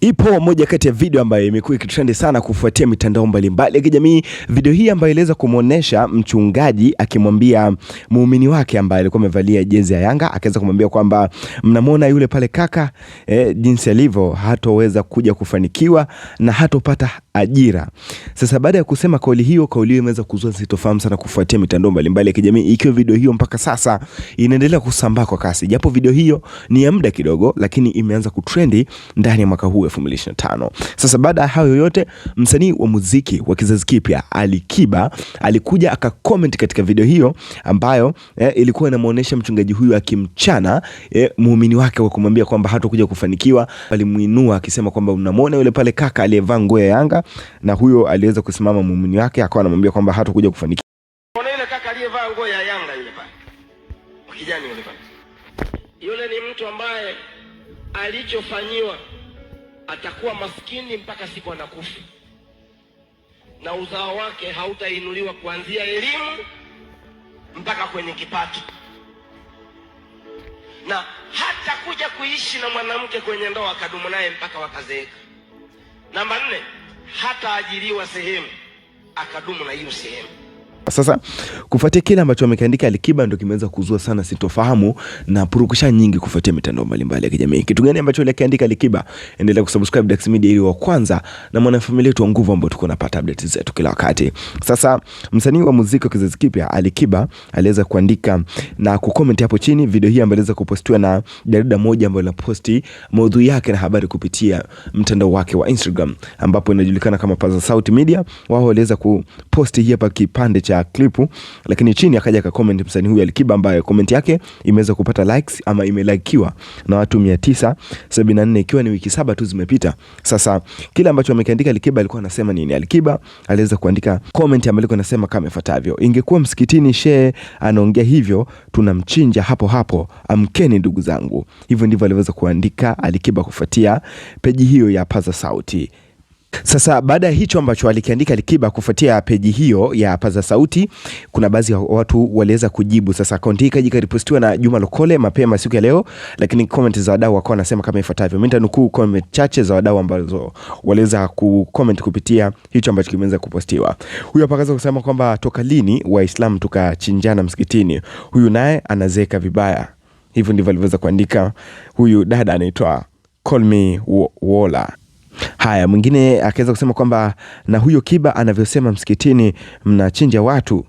Ipo moja kati ya video ambayo imekuwa ikitrendi sana kufuatia mitandao mbalimbali ya kijamii. Video hii ambayo iliweza kumwonyesha mchungaji akimwambia muumini wake ambaye alikuwa amevalia jezi ya Yanga, akaweza kumwambia kwamba mnamwona yule pale kaka eh, jinsi alivyo, hatoweza kuja kufanikiwa na hatopata ajira. Sasa baada ya kusema kauli hiyo, kauli hiyo imeweza kuzua sitofahamu sana kufuatia mitandao mbalimbali ya kijamii, ikiwa video hiyo mpaka sasa inaendelea kusambaa kwa kasi, japo video hiyo ni ya muda kidogo, lakini imeanza kutrendi ndani ya mwaka huu 2025. Sasa baada ya hayo yote, msanii wa muziki wa kizazi kipya alikiba alikuja akacomment katika video hiyo ambayo eh, ilikuwa inamuonesha mchungaji huyu akimchana eh, muumini wake kwa kumwambia kwamba hatakuja kufanikiwa. Alimuinua akisema kwamba unamwona yule pale kaka aliyevaa nguo ya Yanga, na huyo aliweza kusimama muumini wake akawa anamwambia kwamba hatakuja kufanikiwa. nguo ya Yanga yule pale. Kijani yule pale. Yule ni mtu ambaye alichofanyiwa atakuwa maskini mpaka siku anakufa, na uzao wake hautainuliwa kuanzia elimu mpaka kwenye kipato, na hata kuja kuishi na mwanamke kwenye ndoa akadumu naye mpaka wakazeeka. Namba nne, hataajiriwa sehemu akadumu na hiyo sehemu hapa. Sasa kufuatia kile ambacho amekiandika Alikiba, ndio kimeanza kuzua sana sitofahamu na purukusha nyingi kufuatia mitandao mbalimbali ya kijamii. Kitu gani ambacho alikiandika Alikiba? Endelea kusubscribe Dax Media ili wa kwanza na mwanafamilia wetu wa nguvu ambao tuko napata update zetu kila wakati. Sasa msanii wa muziki wa kizazi kipya Alikiba aliweza kuandika na kucomment hapo chini video hii ambayo iliweza kupostiwa na jarida moja ambalo linaposti maudhui yake na habari kupitia mtandao wake wa Instagram ambapo inajulikana kama Paza Sauti Media. Wao waliweza kuposti hapa kipande cha ya klipu, lakini chini akaja ka comment msanii huyu Alikiba, ambaye comment yake imeweza kupata likes ama imelikiwa na watu 974 ikiwa ni wiki saba tu zimepita. Sasa kile ambacho amekiandika Alikiba, alikuwa anasema nini? Alikiba aliweza kuandika comment ambayo alikuwa anasema kama ifuatavyo: ingekuwa msikitini shehe anaongea hivyo, tunamchinja hapo hapo, amkeni ndugu zangu. Hivyo ndivyo aliweza kuandika Alikiba kufuatia peji hiyo ya Paza Sauti. Sasa baada ya hicho ambacho alikiandika Alikiba kufuatia peji hiyo ya Paza Sauti, kuna baadhi ya watu waliweza kujibu. Sasa akaunti hii kaja ikaripostiwa na Juma Lokole mapema siku ya leo, lakini comment za wadau wakawa wanasema kama ifuatavyo. Mimi nitanukuu comment chache za wadau ambazo waliweza kucomment kupitia hicho ambacho kimeweza kupostiwa. Huyu hapa akaanza kusema kwamba toka lini Waislamu tukachinjana msikitini? Huyu naye anazeka vibaya. Hivyo ndivyo alivyoweza kuandika huyu dada anaitwa Call Me Wola. Haya, mwingine akaweza kusema kwamba na huyo Kiba anavyosema msikitini mnachinja watu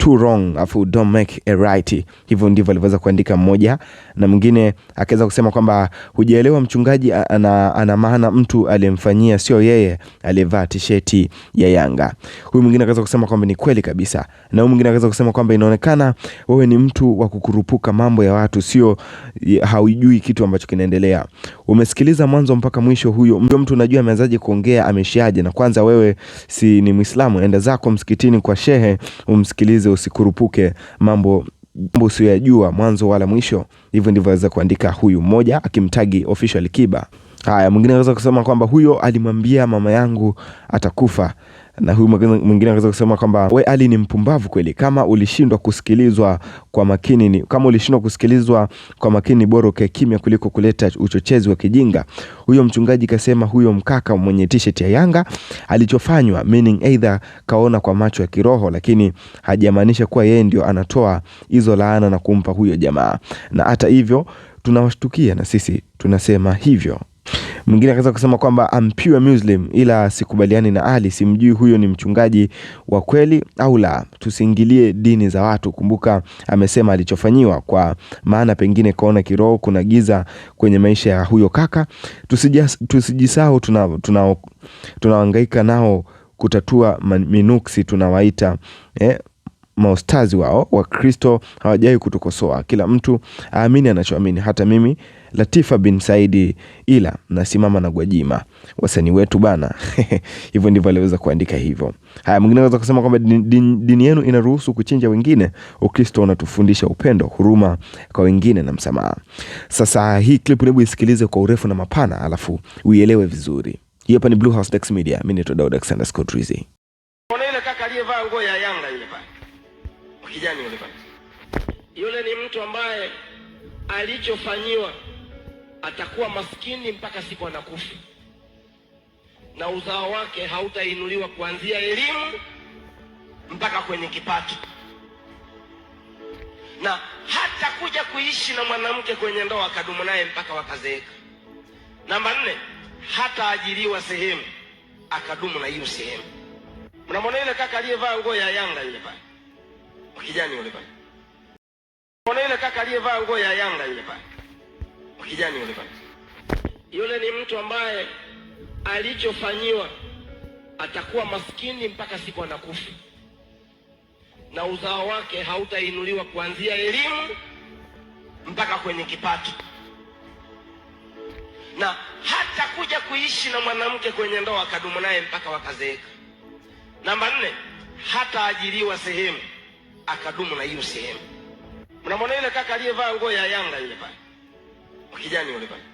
two wrong afu don't make a right. Hivyo ndivyo alivyoweza kuandika mmoja, na mwingine akaweza kusema kwamba hujaelewa mchungaji, ana, ana maana mtu aliyemfanyia sio yeye aliyevaa tisheti ya Yanga. Huyu mwingine akaweza kusema kwamba ni kweli kabisa, na huyu mwingine akaweza kusema kwamba inaonekana wewe ni mtu wa kukurupuka mambo ya watu, sio haujui kitu ambacho kinaendelea. Umesikiliza mwanzo mpaka mwisho, huyo mtu unajua ameanzaje kuongea, ameshiaje? Na kwanza wewe si ni Muislamu, enda zako msikitini kwa shehe umsikilize ujifunze, usikurupuke mambo mambo usiyoyajua mwanzo wala mwisho. Hivyo ndivyo aweza kuandika huyu mmoja akimtagi official Kiba. Haya, mwingine anaweza kusema kwamba huyo alimwambia mama yangu atakufa, na huyu mwingine anaweza kusema kwamba we Ali ni mpumbavu kweli, kama ulishindwa kusikilizwa kwa makini ni, kama ulishindwa kusikilizwa kwa makini bora ukae kimya kuliko kuleta uchochezi wa kijinga. Huyo mchungaji kasema huyo mkaka mwenye t-shirt ya Yanga alichofanywa, meaning either kaona kwa macho ya kiroho, lakini hajamaanisha kuwa yeye ndio anatoa hizo laana na kumpa huyo jamaa, na hata hivyo tunawashtukia na sisi tunasema hivyo. Mwingine akaweza kusema kwamba I'm pure Muslim, ila sikubaliani na Ali, simjui huyo ni mchungaji wa kweli au la. Tusiingilie dini za watu. Kumbuka amesema alichofanyiwa, kwa maana pengine kaona kiroho kuna giza kwenye maisha ya huyo kaka. Tusijisahau tunaohangaika tuna, tuna, tuna nao kutatua minuksi tunawaita eh, maustazi wao. Wakristo hawajawahi kutukosoa, kila mtu aamini anachoamini. Hata mimi Latifa bin Saidi ila nasimama na Gwajima, wasanii wetu bana. Hivyo ndivyo aliweza kuandika hivyo. Haya, mwingine anaweza kusema kwamba dini din, din yenu inaruhusu kuchinja wengine. Ukristo unatufundisha upendo, huruma kwa wengine na msamaha. Sasa hii clip, hebu isikilize kwa urefu na mapana, alafu uielewe vizuri. Hii hapa ni Blue House Dax Media, mimi ni Todd Alexander Scott Rizzi. Ona ile kaka aliyevaa nguo ya Yanga yule pale. Kijani yule pale. Yule ni mtu ambaye alichofanyiwa atakuwa maskini mpaka siku anakufa, na uzao wake hautainuliwa kuanzia elimu mpaka kwenye kipato, na hata kuja kuishi na mwanamke kwenye ndoa akadumu naye mpaka wakazeeka. Namba nne, hata ajiliwa sehemu akadumu na hiyo sehemu. Mnamwona ile kaka aliyevaa nguo ya Yanga yule pale kijani yule pale, mnamwona ile kaka aliyevaa nguo ya Yanga yule pale kijani yule pale. Yule ni mtu ambaye alichofanyiwa atakuwa maskini mpaka siku anakufa, na uzao wake hautainuliwa kuanzia elimu mpaka kwenye kipato, na hata kuja kuishi na mwanamke kwenye ndoa akadumu naye mpaka wakazeeka. Namba nne, hata ajiriwa sehemu akadumu na hiyo sehemu. Mnamwona yule kaka aliyevaa nguo ya Yanga yule pale 左に折ればいい